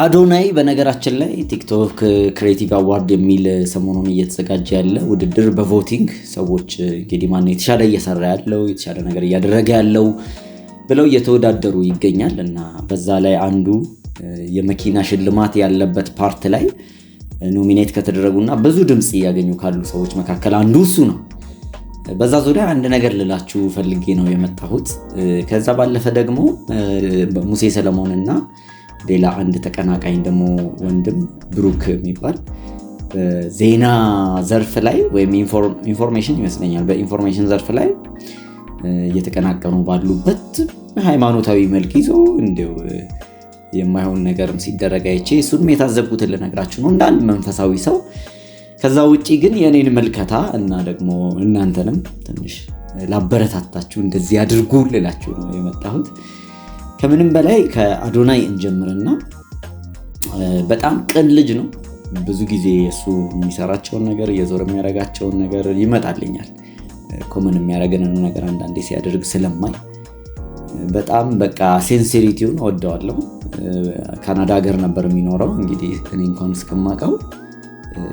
አዶናይ በነገራችን ላይ ቲክቶክ ክሬቲቭ አዋርድ የሚል ሰሞኑን እየተዘጋጀ ያለ ውድድር በቮቲንግ ሰዎች እንግዲህ ማነው የተሻለ እየሰራ ያለው የተሻለ ነገር እያደረገ ያለው ብለው እየተወዳደሩ ይገኛል እና በዛ ላይ አንዱ የመኪና ሽልማት ያለበት ፓርት ላይ ኖሚኔት ከተደረጉና ብዙ ድምፅ እያገኙ ካሉ ሰዎች መካከል አንዱ እሱ ነው። በዛ ዙሪያ አንድ ነገር ልላችሁ ፈልጌ ነው የመጣሁት። ከዛ ባለፈ ደግሞ ሙሴ ሰለሞን እና ሌላ አንድ ተቀናቃኝ ደግሞ ወንድም ብሩክ የሚባል ዜና ዘርፍ ላይ ወይም ኢንፎርሜሽን ይመስለኛል በኢንፎርሜሽን ዘርፍ ላይ እየተቀናቀኑ ባሉበት ሃይማኖታዊ መልክ ይዞ እንዲው የማይሆን ነገርም ሲደረግ አይቼ እሱንም የታዘብኩትን ልነግራችሁ ነው እንዳንድ መንፈሳዊ ሰው። ከዛ ውጭ ግን የእኔን መልከታ እና ደግሞ እናንተንም ትንሽ ላበረታታችሁ እንደዚህ አድርጉ ልላችሁ ነው የመጣሁት። ከምንም በላይ ከአዶናይ እንጀምርና በጣም ቅን ልጅ ነው። ብዙ ጊዜ እሱ የሚሰራቸውን ነገር እየዞረ የሚያደርጋቸውን ነገር ይመጣልኛል። ኮመን የሚያደርገንን ነገር አንዳንዴ ሲያደርግ ስለማይ በጣም በቃ ሴንሴሪቲውን ወደዋለሁ። ካናዳ ሀገር ነበር የሚኖረው እንግዲህ እኔ እንኳን እስከማውቀው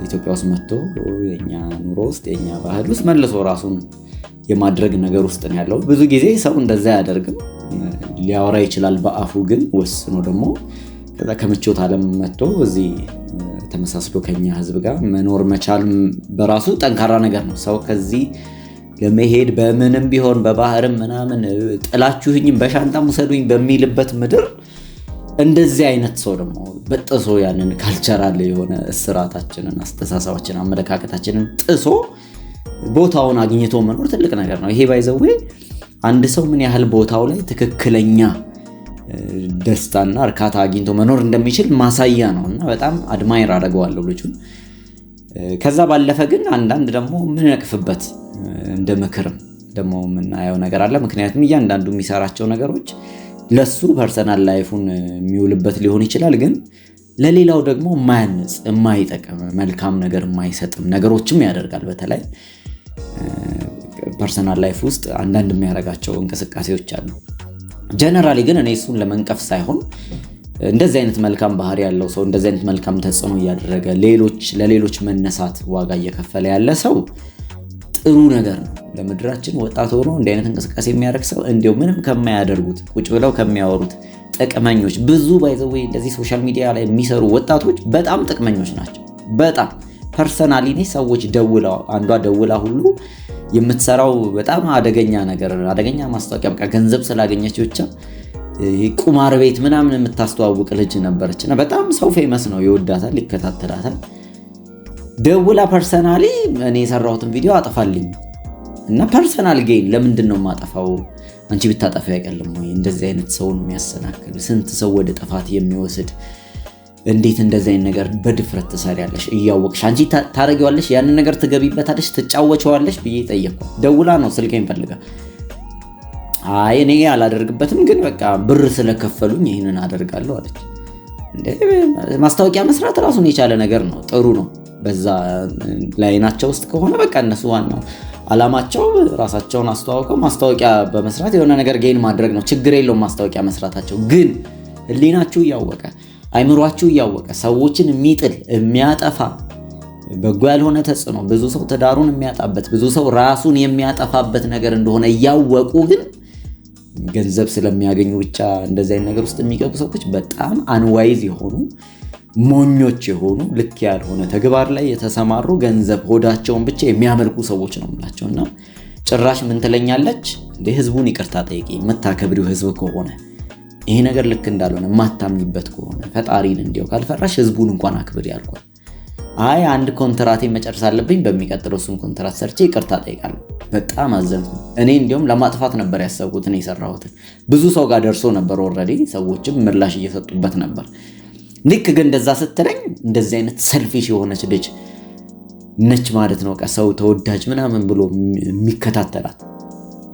ኢትዮጵያ ውስጥ መጥቶ የኛ ኑሮ ውስጥ የኛ ባህል ውስጥ መልሶ ራሱን የማድረግ ነገር ውስጥ ነው ያለው። ብዙ ጊዜ ሰው እንደዛ አያደርግም። ሊያወራ ይችላል በአፉ ግን ወስኖ ደግሞ ከዛ ከምቾት አለም መጥቶ እዚህ ተመሳስሎ ከኛ ህዝብ ጋር መኖር መቻል በራሱ ጠንካራ ነገር ነው። ሰው ከዚህ ለመሄድ በምንም ቢሆን በባህርም ምናምን ጥላችሁኝም በሻንጣም ውሰዱኝ በሚልበት ምድር እንደዚህ አይነት ሰው ደግሞ በጥሶ ያንን ካልቸራል የሆነ እስራታችንን፣ አስተሳሰባችን አመለካከታችንን ጥሶ ቦታውን አግኝቶ መኖር ትልቅ ነገር ነው። ይሄ ባይዘዌ አንድ ሰው ምን ያህል ቦታው ላይ ትክክለኛ ደስታና እርካታ አግኝቶ መኖር እንደሚችል ማሳያ ነው እና በጣም አድማይር አደገዋለሁ ልጁን። ከዛ ባለፈ ግን አንዳንድ ደግሞ ምንነቅፍበት እንደ ምክርም ደግሞ የምናየው ነገር አለ። ምክንያቱም እያንዳንዱ የሚሰራቸው ነገሮች ለሱ ፐርሰናል ላይፉን የሚውልበት ሊሆን ይችላል ግን ለሌላው ደግሞ የማያንጽ የማይጠቅም መልካም ነገር የማይሰጥም ነገሮችም ያደርጋል። በተለይ ፐርሰናል ላይፍ ውስጥ አንዳንድ የሚያደርጋቸው እንቅስቃሴዎች አሉ። ጀነራሊ ግን እኔ እሱን ለመንቀፍ ሳይሆን እንደዚህ አይነት መልካም ባህሪ ያለው ሰው እንደዚህ አይነት መልካም ተጽዕኖ እያደረገ ሌሎች ለሌሎች መነሳት ዋጋ እየከፈለ ያለ ሰው ጥሩ ነገር ነው ለምድራችን። ወጣት ሆኖ እንዲህ አይነት እንቅስቃሴ የሚያደርግ ሰው እንዲሁ ምንም ከማያደርጉት ቁጭ ብለው ከሚያወሩት ጥቅመኞች ብዙ ባይዘወ እንደዚህ ሶሻል ሚዲያ ላይ የሚሰሩ ወጣቶች በጣም ጥቅመኞች ናቸው። በጣም ፐርሰናሊ ሰዎች ደውላ አንዷ ደውላ ሁሉ የምትሰራው በጣም አደገኛ ነገር አደገኛ ማስታወቂያ በቃ ገንዘብ ስላገኘች ብቻ ቁማር ቤት ምናምን የምታስተዋውቅ ልጅ ነበረች እና በጣም ሰው ፌመስ ነው፣ ይወዳታል፣ ይከታተላታል። ደውላ ፐርሰናሊ እኔ የሰራሁትን ቪዲዮ አጠፋልኝ? እና ፐርሰናል ጌን ለምንድን ነው የማጠፋው? አንቺ ብታጠፊ አይቀልም ወይ? እንደዚህ አይነት ሰውን የሚያሰናክል ስንት ሰው ወደ ጥፋት የሚወስድ እንዴት እንደዚህ አይነት ነገር በድፍረት ትሰሪያለሽ? እያወቅሽ አንቺ ታደርጊዋለሽ፣ ያንን ነገር ትገቢበታለሽ፣ ትጫወቸዋለሽ ብዬ ጠየቅኩ። ደውላ ነው ስልኬን ፈልጋ አይ እኔ አላደርግበትም፣ ግን በቃ ብር ስለከፈሉኝ ይህንን አደርጋለሁ አለች። ማስታወቂያ መስራት ራሱን የቻለ ነገር ነው፣ ጥሩ ነው። በዛ ላይናቸው ውስጥ ከሆነ በቃ እነሱ ዋናው አላማቸው ራሳቸውን አስተዋውቀው ማስታወቂያ በመስራት የሆነ ነገር ጌን ማድረግ ነው። ችግር የለውም ማስታወቂያ መስራታቸው። ግን ህሊናችሁ እያወቀ አይምሯችሁ እያወቀ ሰዎችን የሚጥል የሚያጠፋ በጎ ያልሆነ ተጽዕኖ ብዙ ሰው ትዳሩን የሚያጣበት ብዙ ሰው ራሱን የሚያጠፋበት ነገር እንደሆነ እያወቁ ግን ገንዘብ ስለሚያገኙ ብቻ እንደዚህ አይነት ነገር ውስጥ የሚገቡ ሰዎች በጣም አንዋይዝ የሆኑ ሞኞች የሆኑ ልክ ያልሆነ ተግባር ላይ የተሰማሩ ገንዘብ ሆዳቸውን ብቻ የሚያመልኩ ሰዎች ነው የምላቸው እና ጭራሽ ምን ትለኛለች እንደ ህዝቡን ይቅርታ ጠይቂ የምታከብሪው ህዝብ ከሆነ ይሄ ነገር ልክ እንዳልሆነ የማታምኝበት ከሆነ ፈጣሪን እንዲያው ካልፈራሽ ህዝቡን እንኳን አክብር ያልኳል። አይ አንድ ኮንትራቴ መጨረስ አለብኝ፣ በሚቀጥለው እሱን ኮንትራት ሰርቼ ይቅርታ ጠይቃል በጣም አዘንኩ። እኔ እንዲሁም ለማጥፋት ነበር ያሰብኩት እኔ የሰራሁትን ብዙ ሰው ጋር ደርሶ ነበር። ኦልሬዲ ሰዎችም ምላሽ እየሰጡበት ነበር። ልክ ግን እንደዛ ስትለኝ እንደዚህ አይነት ሰልፊሽ የሆነች ልጅ ነች ማለት ነው። ሰው ተወዳጅ ምናምን ብሎ የሚከታተላት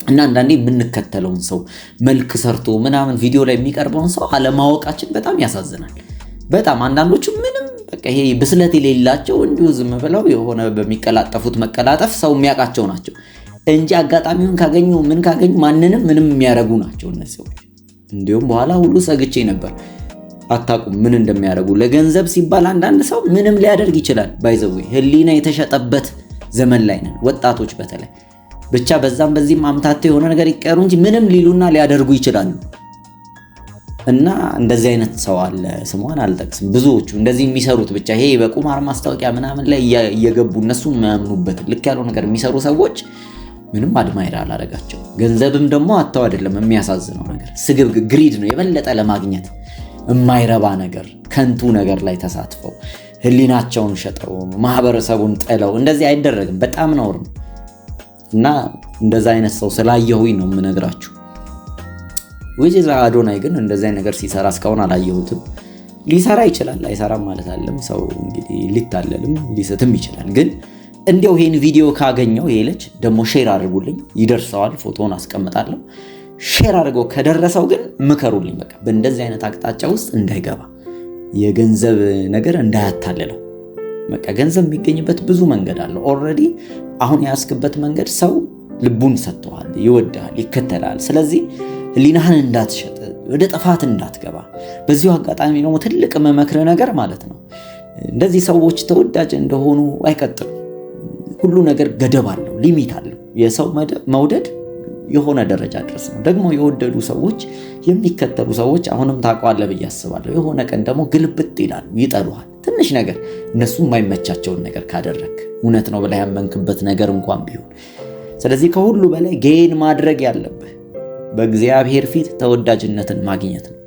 እና አንዳንዴ የምንከተለውን ሰው መልክ ሰርቶ ምናምን ቪዲዮ ላይ የሚቀርበውን ሰው አለማወቃችን በጣም ያሳዝናል። በጣም አንዳንዶቹ ምንም በቃ ይሄ ብስለት የሌላቸው እንዲሁ ዝም ብለው የሆነ በሚቀላጠፉት መቀላጠፍ ሰው የሚያውቃቸው ናቸው እንጂ አጋጣሚውን ካገኙ ምን ካገኙ ማንንም ምንም የሚያደርጉ ናቸው እነዚህ ሰዎች። እንዲሁም በኋላ ሁሉ ሰግቼ ነበር። አታውቁም ምን እንደሚያደርጉ። ለገንዘብ ሲባል አንዳንድ ሰው ምንም ሊያደርግ ይችላል። ባይዘዌ ህሊና የተሸጠበት ዘመን ላይ ነን ወጣቶች በተለይ ብቻ በዛም በዚህም አምታተው የሆነ ነገር ይቀሩ እንጂ ምንም ሊሉና ሊያደርጉ ይችላሉ። እና እንደዚህ አይነት ሰው አለ። ስሟን አልጠቅስም። ብዙዎቹ እንደዚህ የሚሰሩት ብቻ ይሄ በቁማር ማስታወቂያ ምናምን ላይ እየገቡ እነሱ የሚያምኑበት ልክ ያለው ነገር የሚሰሩ ሰዎች ምንም አድማይር አላደረጋቸው። ገንዘብም ደግሞ አተው አይደለም። የሚያሳዝነው ነገር ስግብ ግሪድ ነው። የበለጠ ለማግኘት የማይረባ ነገር፣ ከንቱ ነገር ላይ ተሳትፈው ህሊናቸውን ሸጠው ማህበረሰቡን ጥለው እንደዚህ አይደረግም። በጣም ነውር ነው። እና እንደዛ አይነት ሰው ስላየሁኝ ነው የምነግራችሁ። ወይ አዶናይ ግን እንደዚህ ነገር ሲሰራ እስካሁን አላየሁትም። ሊሰራ ይችላል፣ አይሰራም ማለት አለም። ሰው እንግዲህ ሊታለልም ሊስትም ይችላል። ግን እንዲያው ይህን ቪዲዮ ካገኘው ይሄ ልጅ ደግሞ ሼር አድርጉልኝ፣ ይደርሰዋል። ፎቶውን አስቀምጣለሁ። ሼር አድርገው ከደረሰው ግን ምከሩልኝ፣ በቃ በእንደዚህ አይነት አቅጣጫ ውስጥ እንዳይገባ የገንዘብ ነገር እንዳያታልለው። በቃ ገንዘብ የሚገኝበት ብዙ መንገድ አለ። ኦልሬዲ አሁን የያዝክበት መንገድ ሰው ልቡን ሰጥተዋል፣ ይወድሃል፣ ይከተላል። ስለዚህ ህሊናህን እንዳትሸጥ፣ ወደ ጥፋት እንዳትገባ። በዚሁ አጋጣሚ ደግሞ ትልቅ መመክረ ነገር ማለት ነው እንደዚህ ሰዎች ተወዳጅ እንደሆኑ አይቀጥሉም። ሁሉ ነገር ገደብ አለው፣ ሊሚት አለው። የሰው መውደድ የሆነ ደረጃ ድረስ ነው። ደግሞ የወደዱ ሰዎች የሚከተሉ ሰዎች አሁንም ታውቀዋለህ ብዬ አስባለሁ። የሆነ ቀን ደግሞ ግልብጥ ይላሉ፣ ይጠሉሃል። ትንሽ ነገር እነሱ የማይመቻቸውን ነገር ካደረግ እውነት ነው ብላ ያመንክበት ነገር እንኳን ቢሆን። ስለዚህ ከሁሉ በላይ ጌን ማድረግ ያለብህ በእግዚአብሔር ፊት ተወዳጅነትን ማግኘት ነው።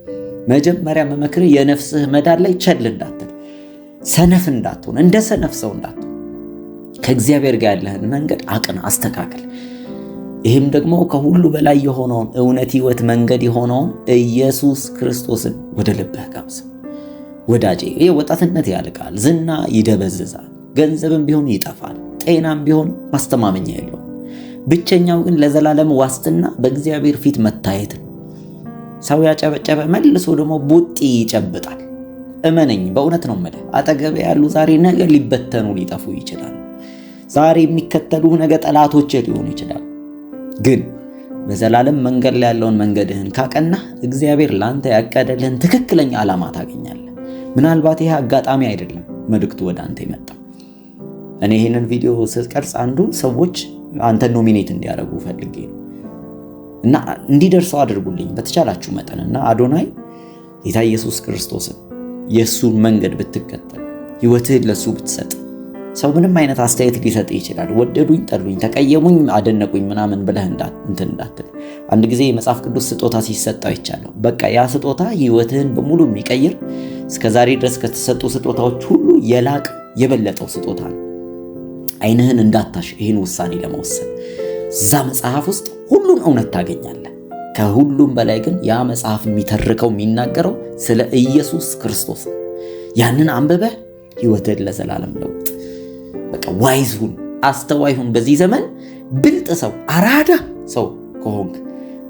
መጀመሪያ መመክርህ የነፍስህ መዳን ላይ ቸል እንዳትል፣ ሰነፍ እንዳትሆን፣ እንደ ሰነፍ ሰው እንዳትሆን። ከእግዚአብሔር ጋር ያለህን መንገድ አቅን፣ አስተካክል። ይህም ደግሞ ከሁሉ በላይ የሆነውን እውነት፣ ህይወት፣ መንገድ የሆነውን ኢየሱስ ክርስቶስን ወደ ልብህ ጋብዘው። ወዳጄ ይህ ወጣትነት ያልቃል፣ ዝና ይደበዝዛል፣ ገንዘብም ቢሆን ይጠፋል፣ ጤናም ቢሆን ማስተማመኛ የለውም። ብቸኛው ግን ለዘላለም ዋስትና በእግዚአብሔር ፊት መታየት ነው። ሰው ያጨበጨበ መልሶ ደግሞ ቡጢ ይጨብጣል። እመነኝ፣ በእውነት ነው የምልህ፣ አጠገቤ ያሉ ዛሬ ነገ ሊበተኑ ሊጠፉ ይችላል። ዛሬ የሚከተሉ ነገ ጠላቶች ሊሆኑ ይችላል። ግን በዘላለም መንገድ ላይ ያለውን መንገድህን ካቀናህ እግዚአብሔር ለአንተ ያቀደልህን ትክክለኛ ዓላማ ታገኛለህ። ምናልባት ይሄ አጋጣሚ አይደለም መልእክቱ ወደ አንተ ይመጣ። እኔ ይህንን ቪዲዮ ስቀርጽ አንዱ ሰዎች አንተ ኖሚኔት እንዲያደርጉ ፈልጌ ነው እና እንዲደርሰው አድርጉልኝ በተቻላችሁ መጠን እና አዶናይ ጌታ ኢየሱስ ክርስቶስን የእሱን መንገድ ብትከተል ህይወትህን ለእሱ ብትሰጥ ሰው ምንም አይነት አስተያየት ሊሰጥ ይችላል። ወደዱኝ፣ ጠሉኝ፣ ተቀየሙኝ፣ አደነቁኝ ምናምን ብለህ እንትን እንዳትል። አንድ ጊዜ የመጽሐፍ ቅዱስ ስጦታ ሲሰጥ ይቻለሁ። በቃ ያ ስጦታ ህይወትህን በሙሉ የሚቀይር እስከ ዛሬ ድረስ ከተሰጡ ስጦታዎች ሁሉ የላቅ የበለጠው ስጦታ ነው። አይንህን እንዳታሽ ይህን ውሳኔ ለመወሰን እዛ መጽሐፍ ውስጥ ሁሉን እውነት ታገኛለህ። ከሁሉም በላይ ግን ያ መጽሐፍ የሚተርከው የሚናገረው ስለ ኢየሱስ ክርስቶስ ነው። ያንን አንብበህ ህይወትን ለዘላለም ለውጥ። በቃ ዋይዝ ሁን፣ አስተዋይ ሁን። በዚህ ዘመን ብልጥ ሰው፣ አራዳ ሰው ከሆንክ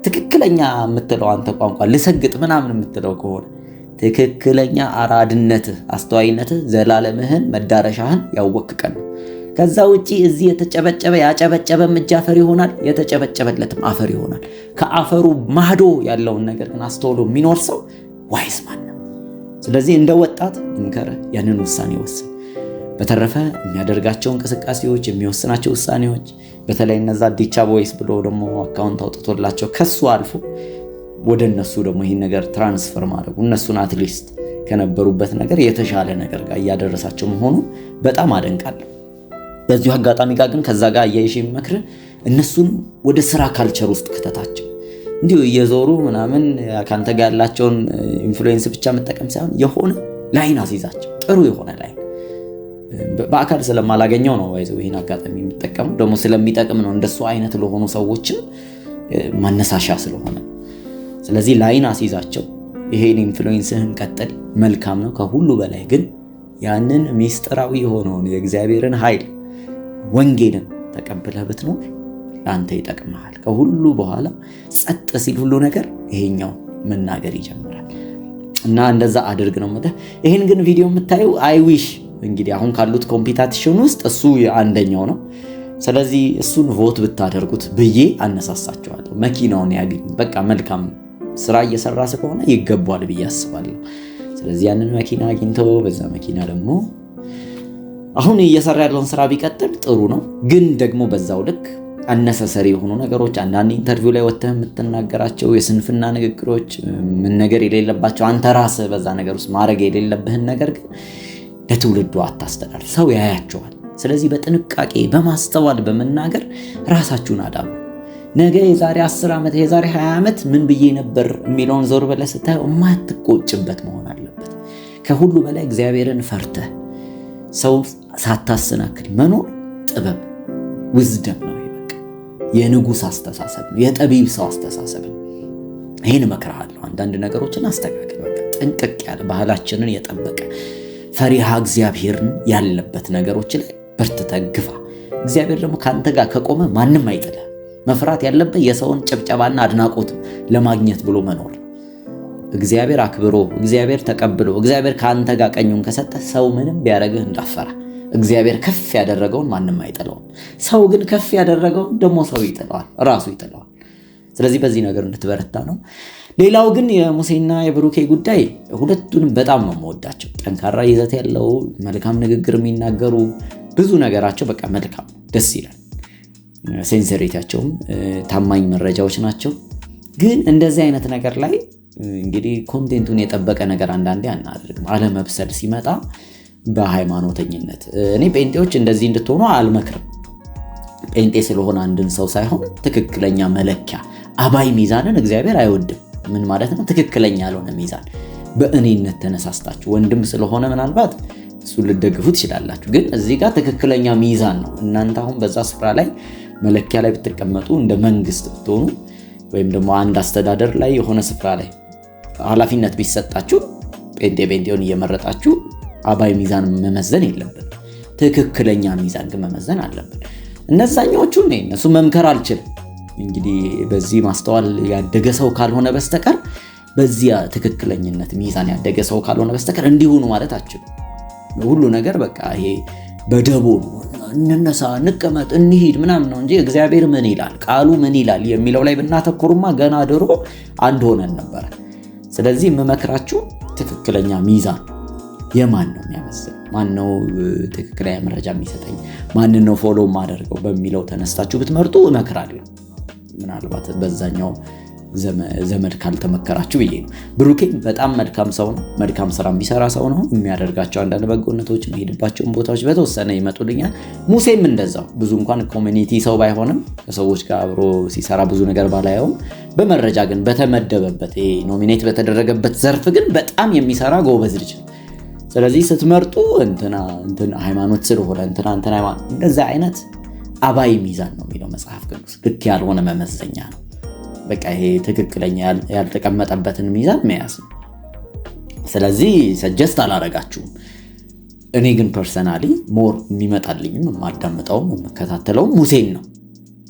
ትክክለኛ የምትለው አንተ ቋንቋ ልሰግጥ ምናምን የምትለው ከሆነ ትክክለኛ አራድነትህ፣ አስተዋይነትህ ዘላለምህን መዳረሻህን ያወቅቀን። ከዛ ውጪ እዚህ የተጨበጨበ ያጨበጨበም እጅ አፈር ይሆናል፣ የተጨበጨበለትም አፈር ይሆናል። ከአፈሩ ማዶ ያለውን ነገር ግን አስተውሎ የሚኖር ሰው ዋይዝ ማን ነው? ስለዚህ እንደ ወጣት እንከርህ ያንን ውሳኔ ወስን። በተረፈ የሚያደርጋቸው እንቅስቃሴዎች፣ የሚወስናቸው ውሳኔዎች በተለይ እነዛ ዲቻ ቦይስ ብሎ ደግሞ አካውንት አውጥቶላቸው ከሱ አልፎ ወደ እነሱ ደግሞ ይህን ነገር ትራንስፈር ማድረጉ እነሱን አትሊስት ከነበሩበት ነገር የተሻለ ነገር ጋር እያደረሳቸው መሆኑ በጣም አደንቃለሁ። በዚሁ አጋጣሚ ጋር ግን ከዛ ጋር አያይሽ የሚመክር እነሱን ወደ ስራ ካልቸር ውስጥ ክተታቸው። እንዲሁ እየዞሩ ምናምን ከአንተ ጋር ያላቸውን ኢንፍሉዌንስ ብቻ መጠቀም ሳይሆን የሆነ ላይን አስይዛቸው፣ ጥሩ የሆነ ላይን። በአካል ስለማላገኘው ነው ይዘው ይህን አጋጣሚ የሚጠቀሙ ደግሞ ስለሚጠቅም ነው። እንደሱ አይነት ለሆኑ ሰዎችም ማነሳሻ ስለሆነ ስለዚህ ላይን አስይዛቸው፣ ይሄን ኢንፍሉዌንስህን ቀጥል፣ መልካም ነው። ከሁሉ በላይ ግን ያንን ሚስጥራዊ የሆነውን የእግዚአብሔርን ኃይል ወንጌልን ተቀብለህ ብትኖር ለአንተ ይጠቅምሃል። ከሁሉ በኋላ ጸጥ ሲል ሁሉ ነገር ይሄኛው መናገር ይጀምራል። እና እንደዛ አድርግ ነው የምልህ። ይህን ግን ቪዲዮ የምታየው አይዊሽ እንግዲህ አሁን ካሉት ኮምፒታቲሽን ውስጥ እሱ አንደኛው ነው። ስለዚህ እሱን ቮት ብታደርጉት ብዬ አነሳሳቸዋለሁ። መኪናውን ያገኝ። በቃ መልካም ስራ እየሰራ ስለሆነ ይገባዋል ብዬ አስባለሁ። ስለዚህ ያንን መኪና አግኝቶ በዛ መኪና ደግሞ አሁን እየሰራ ያለውን ስራ ቢቀጥል ጥሩ ነው። ግን ደግሞ በዛው ልክ አነሰሰሪ የሆኑ ነገሮች አንዳንድ ኢንተርቪው ላይ ወጥተህ የምትናገራቸው የስንፍና ንግግሮች፣ ምን ነገር የሌለባቸው አንተ ራስህ በዛ ነገር ውስጥ ማድረግ የሌለብህን ነገር ግን ለትውልዱ አታስተላልፍ። ሰው ያያቸዋል። ስለዚህ በጥንቃቄ በማስተዋል በመናገር ራሳችሁን አዳሙ። ነገ የዛሬ 10 ዓመት የዛሬ 20 ዓመት ምን ብዬ ነበር የሚለውን ዞር ብለህ ስታየው የማትቆጭበት መሆን አለበት። ከሁሉ በላይ እግዚአብሔርን ፈርተህ ሰው ሳታሰናክል መኖር ጥበብ ውዝደም ነው። የንጉሥ አስተሳሰብ ነው፣ የጠቢብ ሰው አስተሳሰብ ነው። ይህን እመክርሃለሁ። አንዳንድ ነገሮችን አስተካክል። በቃ ጥንቅቅ ያለ ባህላችንን የጠበቀ ፈሪሃ እግዚአብሔርን ያለበት ነገሮች ላይ በርትተህ ግፋ። እግዚአብሔር ደግሞ ከአንተ ጋር ከቆመ ማንም አይጥልህ። መፍራት ያለብህ የሰውን ጭብጨባና አድናቆት ለማግኘት ብሎ መኖር። እግዚአብሔር አክብሮ፣ እግዚአብሔር ተቀብሎ፣ እግዚአብሔር ከአንተ ጋር ቀኙን ከሰጠ ሰው ምንም ቢያደርግህ እንዳፈራ። እግዚአብሔር ከፍ ያደረገውን ማንም አይጥለውም። ሰው ግን ከፍ ያደረገውን ደግሞ ሰው ይጥለዋል፣ ራሱ ይጥለዋል። ስለዚህ በዚህ ነገር እንድትበረታ ነው። ሌላው ግን የሙሴና የብሩኬ ጉዳይ ሁለቱንም በጣም ነው የምወዳቸው። ጠንካራ ይዘት ያለው መልካም ንግግር የሚናገሩ ብዙ ነገራቸው በቃ መልካም ደስ ይላል። ሴንሰሪቲያቸውም ታማኝ መረጃዎች ናቸው። ግን እንደዚህ አይነት ነገር ላይ እንግዲህ ኮንቴንቱን የጠበቀ ነገር አንዳንዴ አናደርግም። አለመብሰል ሲመጣ በሃይማኖተኝነት እኔ ጴንጤዎች እንደዚህ እንድትሆኑ አልመክርም። ጴንጤ ስለሆነ አንድን ሰው ሳይሆን ትክክለኛ መለኪያ አባይ ሚዛንን እግዚአብሔር አይወድም። ምን ማለት ነው? ትክክለኛ ያልሆነ ሚዛን። በእኔነት ተነሳስታችሁ ወንድም ስለሆነ ምናልባት እሱ ልደግፉ ትችላላችሁ። ግን እዚህ ጋር ትክክለኛ ሚዛን ነው። እናንተ አሁን በዛ ስፍራ ላይ መለኪያ ላይ ብትቀመጡ እንደ መንግስት ብትሆኑ ወይም ደግሞ አንድ አስተዳደር ላይ የሆነ ስፍራ ላይ ኃላፊነት ቢሰጣችሁ ጴንጤ ጴንጤውን እየመረጣችሁ አባይ ሚዛን መመዘን የለብን። ትክክለኛ ሚዛን ግን መመዘን አለብን። እነዛኛዎቹ እነሱ መምከር አልችልም። እንግዲህ በዚህ ማስተዋል ያደገ ሰው ካልሆነ በስተቀር በዚያ ትክክለኝነት ሚዛን ያደገ ሰው ካልሆነ በስተቀር እንዲሆኑ ማለት አችል ሁሉ ነገር በቃ ይሄ በደቦ ነው እንነሳ፣ እንቀመጥ፣ እንሂድ ምናምን ነው እንጂ እግዚአብሔር ምን ይላል ቃሉ ምን ይላል የሚለው ላይ ብናተኩሩማ ገና ድሮ አንድ ሆነን ነበረ። ስለዚህ የምመክራችሁ ትክክለኛ ሚዛን የማን ነው የሚያመስል ማን ነው ትክክለኛ መረጃ የሚሰጠኝ ማን ነው ፎሎ ማደርገው በሚለው ተነስታችሁ ብትመርጡ እመክራለሁ። ምናልባት በዛኛው ዘመድ ካልተመከራችሁ ብዬ ነው። ብሩኬ በጣም መልካም ሰው ነው። መልካም ስራ የሚሰራ ሰው ነው። የሚያደርጋቸው አንዳንድ በጎነቶች የሚሄድባቸውን ቦታዎች በተወሰነ ይመጡልኛል። ሙሴም እንደዛው ብዙ እንኳን ኮሚኒቲ ሰው ባይሆንም ከሰዎች ጋር አብሮ ሲሰራ ብዙ ነገር ባላየውም በመረጃ ግን በተመደበበት ኖሚኔት በተደረገበት ዘርፍ ግን በጣም የሚሰራ ጎበዝ ልጅ ነው። ስለዚህ ስትመርጡ እንትና ሃይማኖት ስለሆነ እንትና ሃይማኖት እንደዛ አይነት አባይ ሚዛን ነው የሚለው መጽሐፍ ቅዱስ። ልክ ያልሆነ መመዘኛ ነው። በቃ ይሄ ትክክለኛ ያልተቀመጠበትን ሚዛን መያዝ ነው። ስለዚህ ሰጀስት አላረጋችሁም። እኔ ግን ፐርሰናሊ ሞር የሚመጣልኝም የማዳምጠውም የምከታተለውም ሙሴን ነው።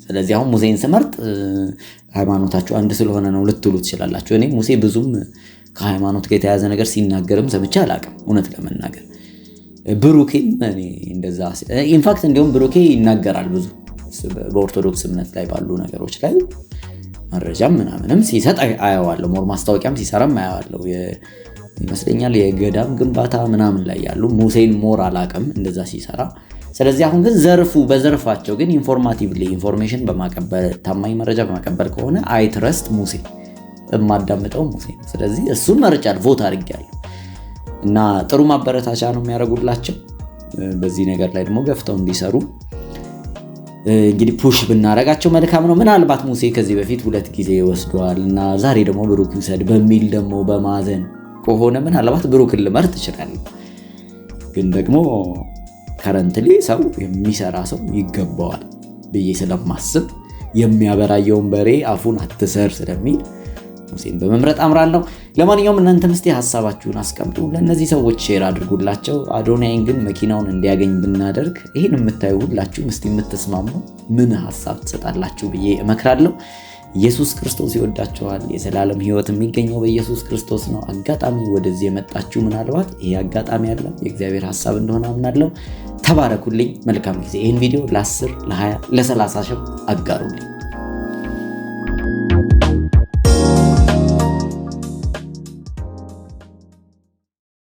ስለዚህ አሁን ሙሴን ስመርጥ ሃይማኖታቸው አንድ ስለሆነ ነው ልትሉ ትችላላችሁ። እኔ ሙሴ ብዙም ከሃይማኖት ጋር የተያዘ ነገር ሲናገርም ሰምቼ አላቅም፣ እውነት ለመናገር ብሩኬም እንደዛ። ኢንፋክት እንዲሁም ብሩኬ ይናገራል ብዙ በኦርቶዶክስ እምነት ላይ ባሉ ነገሮች ላይ መረጃም ምናምንም ሲሰጥ አየዋለሁ። ሞር ማስታወቂያም ሲሰራም አየዋለሁ። ይመስለኛል የገዳም ግንባታ ምናምን ላይ ያሉ ሙሴን ሞር አላቅም እንደዛ ሲሰራ። ስለዚህ አሁን ግን ዘርፉ በዘርፋቸው ግን ኢንፎርማቲቭ ኢንፎርሜሽን በማቀበል ታማኝ መረጃ በማቀበል ከሆነ አይትረስት ሙሴ የማዳምጠው ሙሴ። ነው ስለዚህ እሱን መርጫለሁ፣ ቮት አድርጌያለሁ እና ጥሩ ማበረታቻ ነው የሚያደርጉላቸው። በዚህ ነገር ላይ ደግሞ ገፍተው እንዲሰሩ እንግዲህ ፑሽ ብናረጋቸው መልካም ነው። ምናልባት ሙሴ ከዚህ በፊት ሁለት ጊዜ ወስደዋል እና ዛሬ ደግሞ ብሩክ ይውሰድ በሚል ደግሞ በማዘን ከሆነ ምናልባት ብሩክን ልመርጥ እችላለሁ። ግን ደግሞ ከረንትሊ ሰው የሚሰራ ሰው ይገባዋል ብዬ ስለማስብ የሚያበራየውን በሬ አፉን አትሰር ስለሚል ሙሴን በመምረጥ አምራለሁ። ለማንኛውም እናንተ እስቲ ሀሳባችሁን አስቀምጡ፣ ለእነዚህ ሰዎች ሼር አድርጉላቸው። አዶናይን ግን መኪናውን እንዲያገኝ ብናደርግ ይህን የምታዩ ሁላችሁም ምስ የምትስማሙ ምን ሀሳብ ትሰጣላችሁ ብዬ እመክራለሁ። ኢየሱስ ክርስቶስ ይወዳችኋል። የዘላለም ህይወት የሚገኘው በኢየሱስ ክርስቶስ ነው። አጋጣሚ ወደዚህ የመጣችሁ ምናልባት ይሄ አጋጣሚ ያለ የእግዚአብሔር ሀሳብ እንደሆነ አምናለሁ። ተባረኩልኝ። መልካም ጊዜ። ይህን ቪዲዮ ለ10 ለ20 ለ30 ሺህ አጋሩልኝ።